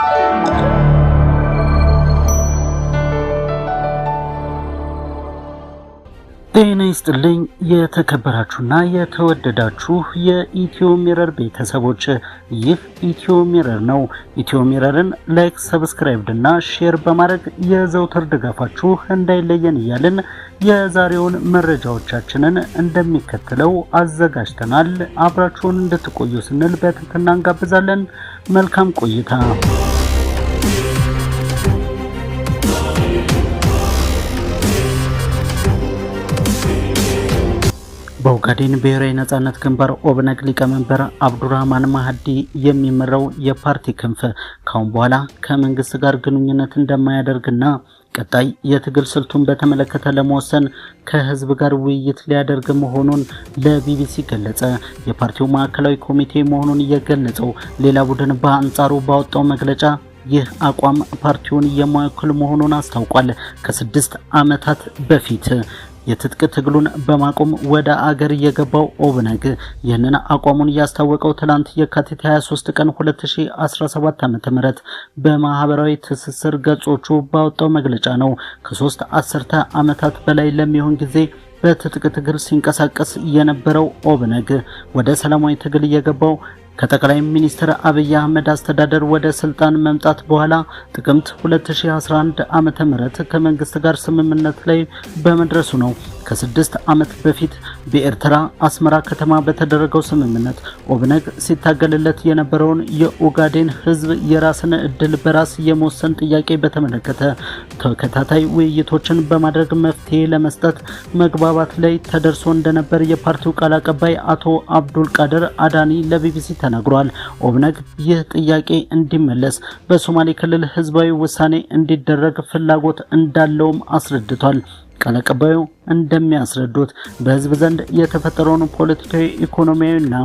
Thank you. ጤና ይስጥልኝ የተከበራችሁና የተወደዳችሁ የኢትዮ ሚረር ቤተሰቦች፣ ይህ ኢትዮ ሚረር ነው። ኢትዮ ሚረርን ላይክ፣ ሰብስክራይብ እና ሼር በማድረግ የዘውትር ድጋፋችሁ እንዳይለየን እያልን የዛሬውን መረጃዎቻችንን እንደሚከተለው አዘጋጅተናል። አብራችሁን እንድትቆዩ ስንል በትህትና እንጋብዛለን። መልካም ቆይታ በኦጋዴን ብሔራዊ ነጻነት ግንባር ኦብነግ ሊቀመንበር አብዱራህማን ማህዲ የሚመራው የፓርቲ ክንፍ ካሁን በኋላ ከመንግስት ጋር ግንኙነት እንደማያደርግና ቀጣይ የትግል ስልቱን በተመለከተ ለመወሰን ከህዝብ ጋር ውይይት ሊያደርግ መሆኑን ለቢቢሲ ገለጸ። የፓርቲው ማዕከላዊ ኮሚቴ መሆኑን የገለጸው ሌላ ቡድን በአንጻሩ ባወጣው መግለጫ ይህ አቋም ፓርቲውን የማይወክል መሆኑን አስታውቋል። ከስድስት ዓመታት በፊት የትጥቅ ትግሉን በማቆም ወደ አገር የገባው ኦብነግ ይህንን አቋሙን እያስታወቀው ትላንት የካቲት 23 ቀን 2017 ዓ.ም በማህበራዊ ትስስር ገጾቹ ባወጣው መግለጫ ነው። ከሶስት አስርተ ዓመታት በላይ ለሚሆን ጊዜ በትጥቅ ትግል ሲንቀሳቀስ የነበረው ኦብነግ ወደ ሰላማዊ ትግል የገባው ከጠቅላይ ሚኒስትር አብይ አህመድ አስተዳደር ወደ ስልጣን መምጣት በኋላ ጥቅምት 2011 ዓ.ም ከመንግስት ጋር ስምምነት ላይ በመድረሱ ነው ከስድስት ዓመት በፊት በኤርትራ አስመራ ከተማ በተደረገው ስምምነት ኦብነግ ሲታገልለት የነበረውን የኦጋዴን ህዝብ የራስን እድል በራስ የመወሰን ጥያቄ በተመለከተ ተከታታይ ውይይቶችን በማድረግ መፍትሄ ለመስጠት መግባባት ላይ ተደርሶ እንደነበር የፓርቲው ቃል አቀባይ አቶ አብዱል ቃድር አዳኒ ለቢቢሲ ተናግሯል። ኦብነግ ይህ ጥያቄ እንዲመለስ በሶማሌ ክልል ህዝባዊ ውሳኔ እንዲደረግ ፍላጎት እንዳለውም አስረድቷል። ቃል አቀባዩ እንደሚያስረዱት በህዝብ ዘንድ የተፈጠረውን ፖለቲካዊ፣ ኢኮኖሚያዊና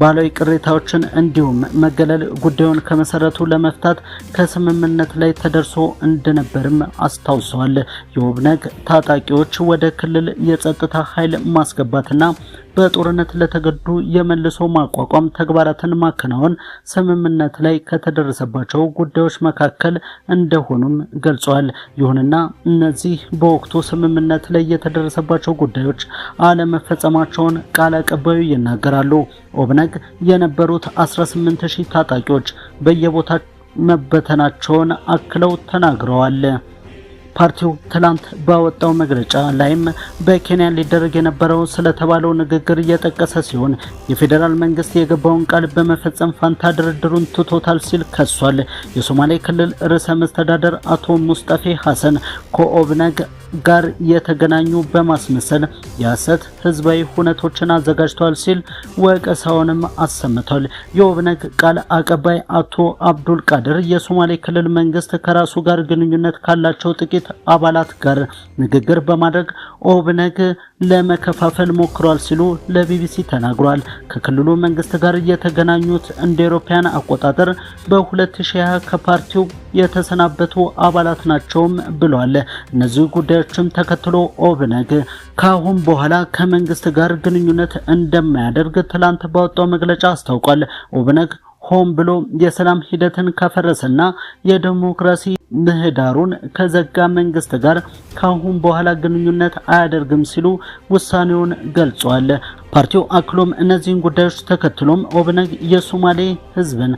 ባህላዊ ቅሬታዎችን እንዲሁም መገለል ጉዳዩን ከመሰረቱ ለመፍታት ከስምምነት ላይ ተደርሶ እንደነበርም አስታውሰዋል። የኦብነግ ታጣቂዎች ወደ ክልል የጸጥታ ኃይል ማስገባትና በጦርነት ለተገዱ የመልሶ ማቋቋም ተግባራትን ማከናወን ስምምነት ላይ ከተደረሰባቸው ጉዳዮች መካከል እንደሆኑም ገልጿል። ይሁንና እነዚህ በወቅቱ ስምምነት ላይ የተደረሰባቸው ጉዳዮች አለመፈጸማቸውን ቃል አቀባዩ ይናገራሉ። ኦብነግ የነበሩት 18000 ታጣቂዎች በየቦታ መበተናቸውን አክለው ተናግረዋል። ፓርቲው ትላንት ባወጣው መግለጫ ላይም በኬንያ ሊደረግ የነበረው ስለተባለው ንግግር እየጠቀሰ ሲሆን የፌዴራል መንግስት የገባውን ቃል በመፈጸም ፋንታ ድርድሩን ትቶታል ሲል ከሷል። የሶማሌ ክልል ርዕሰ መስተዳደር አቶ ሙስጠፌ ሐሰን ከኦብነግ ጋር የተገናኙ በማስመሰል የሐሰት ህዝባዊ ሁነቶችን አዘጋጅቷል ሲል ወቀሳውንም አሰምቷል። የኦብነግ ቃል አቀባይ አቶ አብዱል ቃድር የሶማሌ ክልል መንግስት ከራሱ ጋር ግንኙነት ካላቸው ጥቂት አባላት ጋር ንግግር በማድረግ ኦብነግ ለመከፋፈል ሞክሯል ሲሉ ለቢቢሲ ተናግሯል። ከክልሉ መንግስት ጋር የተገናኙት እንደ አውሮፓውያን አቆጣጠር በ2020 ከፓርቲው የተሰናበቱ አባላት ናቸውም ብሏል። እነዚህ ጉዳዮችም ተከትሎ ኦብነግ ከአሁን በኋላ ከመንግስት ጋር ግንኙነት እንደማያደርግ ትላንት ባወጣው መግለጫ አስታውቋል። ኦብነግ ሆን ብሎ የሰላም ሂደትን ከፈረሰና የዲሞክራሲ ምህዳሩን ከዘጋ መንግስት ጋር ካሁን በኋላ ግንኙነት አያደርግም ሲሉ ውሳኔውን ገልጿል። ፓርቲው አክሎም እነዚህን ጉዳዮች ተከትሎም ኦብነግ የሶማሌ ህዝብን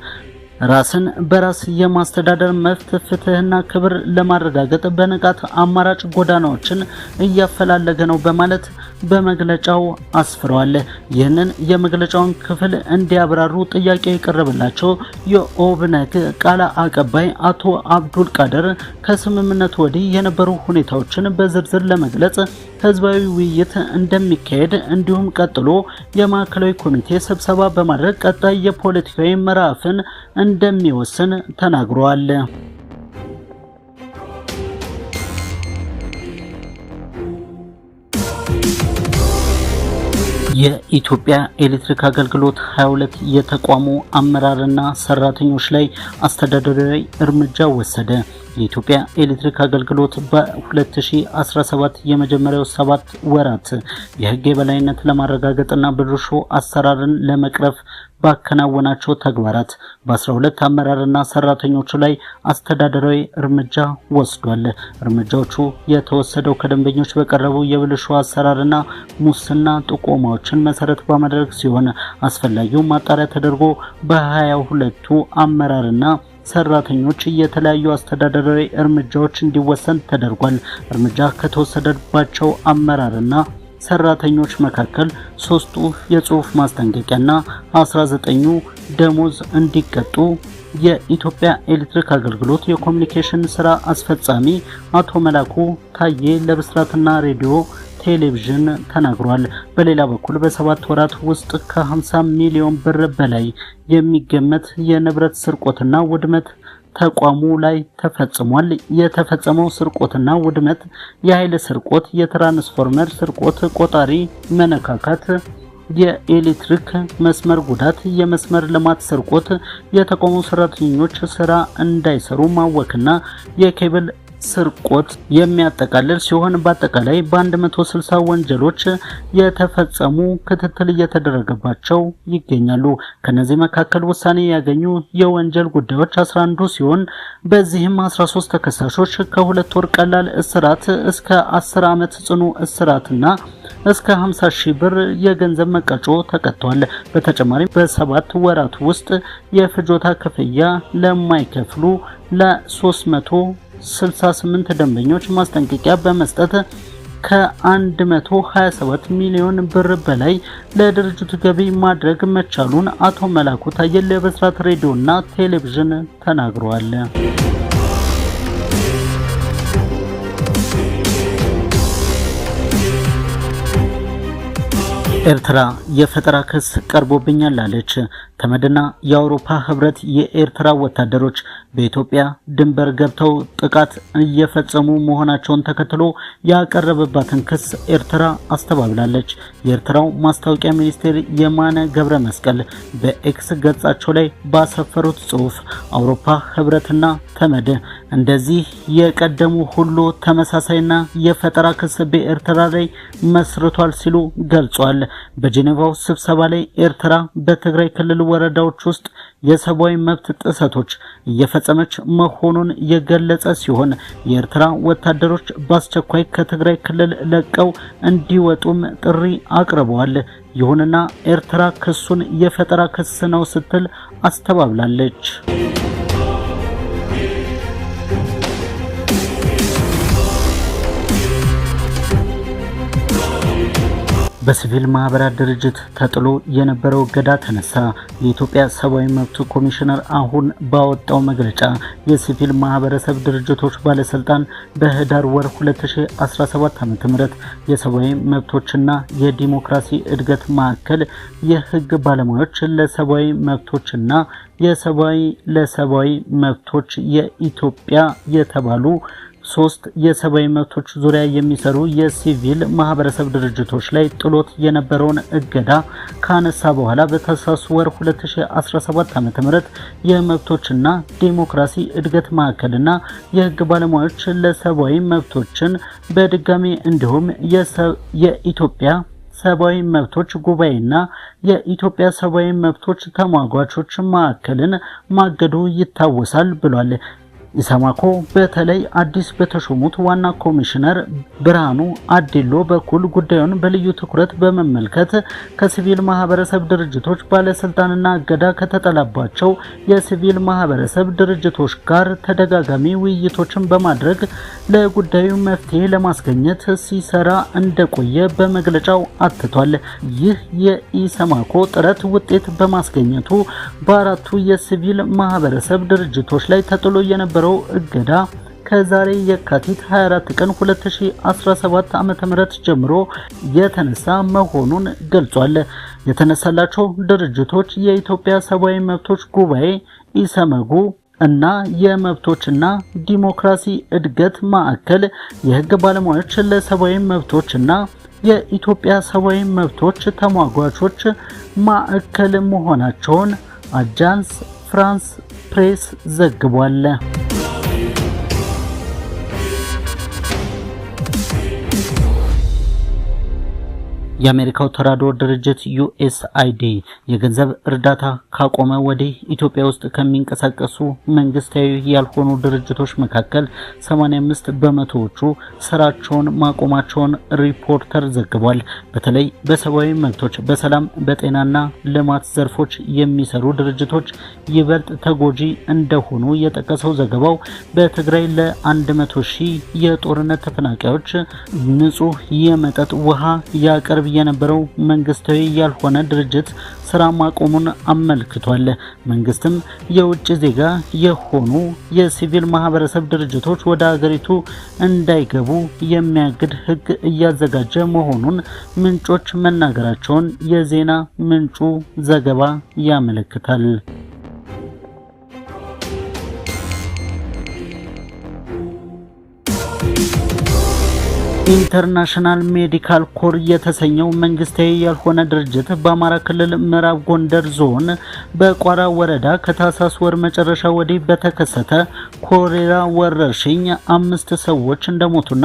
ራስን በራስ የማስተዳደር መብት፣ ፍትህና ክብር ለማረጋገጥ በንቃት አማራጭ ጎዳናዎችን እያፈላለገ ነው በማለት በመግለጫው አስፍረዋል። ይህንን የመግለጫውን ክፍል እንዲያብራሩ ጥያቄ የቀረበላቸው የኦብነግ ቃል አቀባይ አቶ አብዱል ቃድር ከስምምነት ወዲህ የነበሩ ሁኔታዎችን በዝርዝር ለመግለጽ ህዝባዊ ውይይት እንደሚካሄድ እንዲሁም ቀጥሎ የማዕከላዊ ኮሚቴ ስብሰባ በማድረግ ቀጣይ የፖለቲካዊ ምዕራፍን እንደሚወስን ተናግረዋል። የኢትዮጵያ ኤሌክትሪክ አገልግሎት 22 የተቋሙ አመራርና ሰራተኞች ላይ አስተዳደራዊ እርምጃ ወሰደ። የኢትዮጵያ ኤሌክትሪክ አገልግሎት በ2017 የመጀመሪያው ሰባት ወራት የህግ የበላይነት ለማረጋገጥና ብልሹ አሰራርን ለመቅረፍ ባከናወናቸው ተግባራት በ12 አመራርና ሰራተኞቹ ላይ አስተዳደራዊ እርምጃ ወስዷል። እርምጃዎቹ የተወሰደው ከደንበኞች በቀረቡ የብልሹ አሰራርና ሙስና ጥቆማዎችን መሰረት በማድረግ ሲሆን አስፈላጊው ማጣሪያ ተደርጎ በ22ቱ አመራርና ሰራተኞች የተለያዩ አስተዳደራዊ እርምጃዎች እንዲወሰን ተደርጓል። እርምጃ ከተወሰደባቸው አመራርና ሰራተኞች መካከል ሶስቱ የጽሁፍ ማስጠንቀቂያና 19ኙ ደሞዝ እንዲቀጡ የኢትዮጵያ ኤሌክትሪክ አገልግሎት የኮሚኒኬሽን ስራ አስፈጻሚ አቶ መላኩ ታዬ ለብስራትና ሬዲዮ ቴሌቪዥን ተናግሯል። በሌላ በኩል በሰባት ወራት ውስጥ ከ50 ሚሊዮን ብር በላይ የሚገመት የንብረት ስርቆትና ውድመት ተቋሙ ላይ ተፈጽሟል። የተፈጸመው ስርቆትና ውድመት የኃይል ስርቆት፣ የትራንስፎርመር ስርቆት፣ ቆጣሪ መነካካት የኤሌክትሪክ መስመር ጉዳት፣ የመስመር ልማት ስርቆት፣ የተቋሙ ሰራተኞች ስራ እንዳይሰሩ ማወክና የኬብል ስርቆት የሚያጠቃልል ሲሆን በአጠቃላይ በ160 ወንጀሎች የተፈጸሙ ክትትል እየተደረገባቸው ይገኛሉ። ከነዚህ መካከል ውሳኔ ያገኙ የወንጀል ጉዳዮች 11 ሲሆን በዚህም 13 ተከሳሾች ከሁለት ወር ቀላል እስራት እስከ 10 ዓመት ጽኑ እስራትና እስከ 50 ሺህ ብር የገንዘብ መቀጮ ተቀጥቷል። በተጨማሪም በሰባት ወራት ውስጥ የፍጆታ ክፍያ ለማይከፍሉ ለ300 68 ደንበኞች ማስጠንቀቂያ በመስጠት ከ127 ሚሊዮን ብር በላይ ለድርጅቱ ገቢ ማድረግ መቻሉን አቶ መላኩ ታየ ሬዲዮ ሬዲዮና ቴሌቪዥን ተናግሯል። ኤርትራ የፈጠራ ክስ ቀርቦብኛል አለች። ተመድና የአውሮፓ ህብረት የኤርትራ ወታደሮች በኢትዮጵያ ድንበር ገብተው ጥቃት እየፈጸሙ መሆናቸውን ተከትሎ ያቀረበባትን ክስ ኤርትራ አስተባብላለች። የኤርትራው ማስታወቂያ ሚኒስቴር የማነ ገብረ መስቀል በኤክስ ገጻቸው ላይ ባሰፈሩት ጽሑፍ አውሮፓ ህብረትና ተመድ እንደዚህ የቀደሙ ሁሉ ተመሳሳይና የፈጠራ ክስ በኤርትራ ላይ መስርቷል ሲሉ ገልጿል። በጄኔቫው ስብሰባ ላይ ኤርትራ በትግራይ ክልል ወረዳዎች ውስጥ የሰብአዊ መብት ጥሰቶች እየፈጸመች መሆኑን የገለጸ ሲሆን የኤርትራ ወታደሮች በአስቸኳይ ከትግራይ ክልል ለቀው እንዲወጡም ጥሪ አቅርበዋል። ይሁንና ኤርትራ ክሱን የፈጠራ ክስ ነው ስትል አስተባብላለች። በሲቪል ማህበራት ድርጅት ተጥሎ የነበረው እገዳ ተነሳ። የኢትዮጵያ ሰብአዊ መብት ኮሚሽነር አሁን ባወጣው መግለጫ የሲቪል ማህበረሰብ ድርጅቶች ባለስልጣን በህዳር ወር 2017 ዓ.ም የሰብአዊ መብቶችና የዲሞክራሲ እድገት ማዕከል የህግ ባለሙያዎች ለሰብአዊ መብቶችና የሰብአዊ ለሰብአዊ መብቶች የኢትዮጵያ የተባሉ ሶስት የሰብአዊ መብቶች ዙሪያ የሚሰሩ የሲቪል ማህበረሰብ ድርጅቶች ላይ ጥሎት የነበረውን እገዳ ካነሳ በኋላ በታህሳስ ወር 2017 ም የመብቶችና ዴሞክራሲ እድገት ማዕከልና የህግ ባለሙያዎች ለሰብአዊ መብቶችን በድጋሚ እንዲሁም የኢትዮጵያ ሰብአዊ መብቶች ጉባኤና የኢትዮጵያ ሰብአዊ መብቶች ተሟጓቾች ማዕከልን ማገዱ ይታወሳል ብሏል። ኢሰማኮ በተለይ አዲስ በተሾሙት ዋና ኮሚሽነር ብርሃኑ አዲሎ በኩል ጉዳዩን በልዩ ትኩረት በመመልከት ከሲቪል ማህበረሰብ ድርጅቶች ባለስልጣንና እገዳ ከተጠላባቸው የሲቪል ማህበረሰብ ድርጅቶች ጋር ተደጋጋሚ ውይይቶችን በማድረግ ለጉዳዩ መፍትሄ ለማስገኘት ሲሰራ እንደቆየ በመግለጫው አትቷል። ይህ የኢሰማኮ ጥረት ውጤት በማስገኘቱ በአራቱ የሲቪል ማህበረሰብ ድርጅቶች ላይ ተጥሎ የነበረ የነበረው እገዳ ከዛሬ የካቲት 24 ቀን 2017 ዓ.ም ጀምሮ የተነሳ መሆኑን ገልጿል። የተነሳላቸው ድርጅቶች የኢትዮጵያ ሰብአዊ መብቶች ጉባኤ ኢሰመጉ እና የመብቶችና ዲሞክራሲ እድገት ማዕከል የህግ ባለሙያዎች ለሰብአዊ መብቶችና የኢትዮጵያ ሰብአዊ መብቶች ተሟጓቾች ማዕከል መሆናቸውን አጃንስ ፍራንስ ፕሬስ ዘግቧል። የአሜሪካው ተራድኦ ድርጅት ዩኤስአይዲ የገንዘብ እርዳታ ካቆመ ወዲህ ኢትዮጵያ ውስጥ ከሚንቀሳቀሱ መንግስታዊ ያልሆኑ ድርጅቶች መካከል 85 በመቶዎቹ ስራቸውን ማቆማቸውን ሪፖርተር ዘግቧል። በተለይ በሰብአዊ መብቶች፣ በሰላም በጤናና ልማት ዘርፎች የሚሰሩ ድርጅቶች ይበልጥ ተጎጂ እንደሆኑ የጠቀሰው ዘገባው በትግራይ ለ100 ሺህ የጦርነት ተፈናቃዮች ንጹህ የመጠጥ ውሃ ያቀርብ የነበረው መንግስታዊ ያልሆነ ድርጅት ስራ ማቆሙን አመልክቷል። መንግስትም የውጭ ዜጋ የሆኑ የሲቪል ማህበረሰብ ድርጅቶች ወደ ሀገሪቱ እንዳይገቡ የሚያግድ ህግ እያዘጋጀ መሆኑን ምንጮች መናገራቸውን የዜና ምንጩ ዘገባ ያመለክታል። ኢንተርናሽናል ሜዲካል ኮር የተሰኘው መንግስታዊ ያልሆነ ድርጅት በአማራ ክልል ምዕራብ ጎንደር ዞን በቋራ ወረዳ ከታህሳስ ወር መጨረሻ ወዲህ በተከሰተ ኮሌራ ወረርሽኝ አምስት ሰዎች እንደሞቱና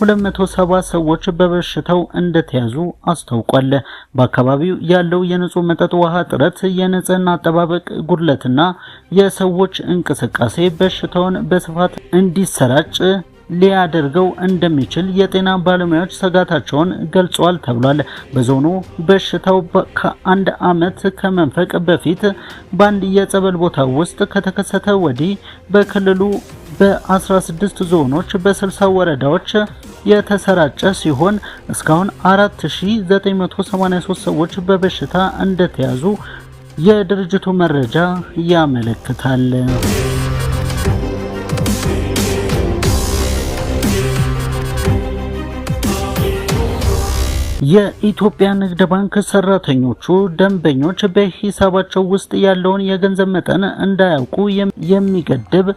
270 ሰዎች በበሽታው እንደተያዙ አስታውቋል። በአካባቢው ያለው የንጹህ መጠጥ ውሃ እጥረት፣ የንጽህና አጠባበቅ ጉድለትና የሰዎች እንቅስቃሴ በሽታውን በስፋት እንዲሰራጭ ሊያደርገው እንደሚችል የጤና ባለሙያዎች ስጋታቸውን ገልጿል ተብሏል። በዞኑ በሽታው ከአንድ ዓመት ከመንፈቅ በፊት በአንድ የጸበል ቦታ ውስጥ ከተከሰተ ወዲህ በክልሉ በ16 ዞኖች በ60 ወረዳዎች የተሰራጨ ሲሆን እስካሁን 4983 ሰዎች በበሽታ እንደተያዙ የድርጅቱ መረጃ ያመለክታል። የኢትዮጵያ ንግድ ባንክ ሰራተኞቹ ደንበኞች በሂሳባቸው ውስጥ ያለውን የገንዘብ መጠን እንዳያውቁ የሚገድብ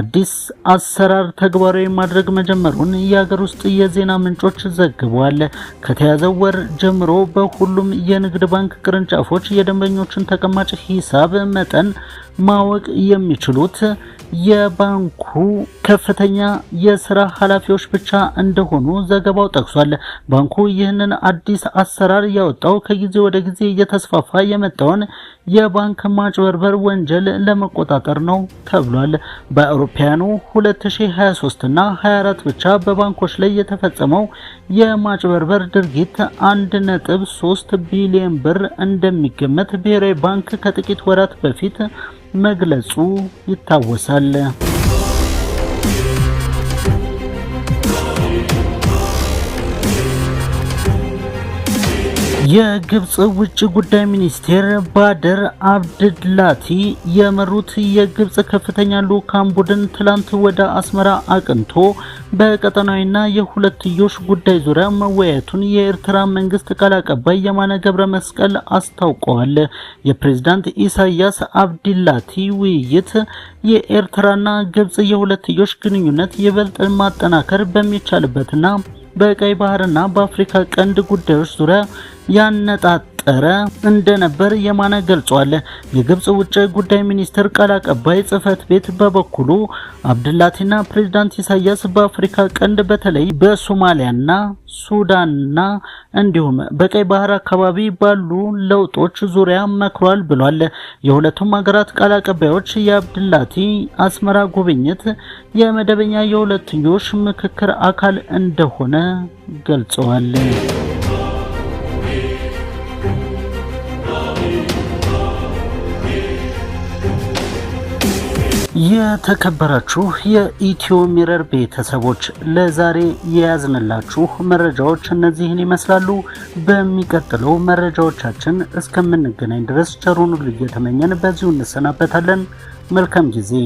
አዲስ አሰራር ተግባራዊ ማድረግ መጀመሩን የሀገር ውስጥ የዜና ምንጮች ዘግበዋል። ከተያዘው ወር ጀምሮ በሁሉም የንግድ ባንክ ቅርንጫፎች የደንበኞችን ተቀማጭ ሂሳብ መጠን ማወቅ የሚችሉት የባንኩ ከፍተኛ የስራ ኃላፊዎች ብቻ እንደሆኑ ዘገባው ጠቅሷል። ባንኩ ይህንን አዲስ አሰራር ያወጣው ከጊዜ ወደ ጊዜ እየተስፋፋ የመጣውን የባንክ ማጭበርበር ወንጀል ለመቆጣጠር ነው ተብሏል። በአውሮፓውያኑ 2023 እና 24 ብቻ በባንኮች ላይ የተፈጸመው የማጭበርበር ድርጊት 1.3 ቢሊዮን ብር እንደሚገመት ብሔራዊ ባንክ ከጥቂት ወራት በፊት መግለጹ ይታወሳል። የግብፅ ውጭ ጉዳይ ሚኒስቴር ባደር አብድላቲ የመሩት የግብፅ ከፍተኛ ልዑካን ቡድን ትላንት ወደ አስመራ አቅንቶ በቀጠናዊና የሁለትዮሽ ጉዳይ ዙሪያ መወያየቱን የኤርትራ መንግስት ቃል አቀባይ የማነ ገብረ መስቀል አስታውቀዋል። የፕሬዝዳንት ኢሳያስ አብዲላቲ ውይይት የኤርትራና ግብጽ የሁለትዮሽ ግንኙነት ይበልጥ ማጠናከር በሚቻልበትና በቀይ ባህርና በአፍሪካ ቀንድ ጉዳዮች ዙሪያ ያነጣጥ እየተፈጠረ እንደነበር የማነ ገልጿል። የግብጽ ውጭ ጉዳይ ሚኒስቴር ቃል አቀባይ ጽህፈት ቤት በበኩሉ አብድላቲና ፕሬዝዳንት ኢሳያስ በአፍሪካ ቀንድ በተለይ በሶማሊያና ሱዳንና እንዲሁም በቀይ ባህር አካባቢ ባሉ ለውጦች ዙሪያ መክሯል ብሏል። የሁለቱም ሀገራት ቃል አቀባዮች የአብድላቲ አስመራ ጉብኝት የመደበኛ የሁለትዮሽ ምክክር አካል እንደሆነ ገልጸዋል። የተከበራችሁ የኢትዮ ሚረር ቤተሰቦች ለዛሬ የያዝንላችሁ መረጃዎች እነዚህን ይመስላሉ። በሚቀጥለው መረጃዎቻችን እስከምንገናኝ ድረስ ቸሩን ልዩ በዚሁ እንሰናበታለን። መልካም ጊዜ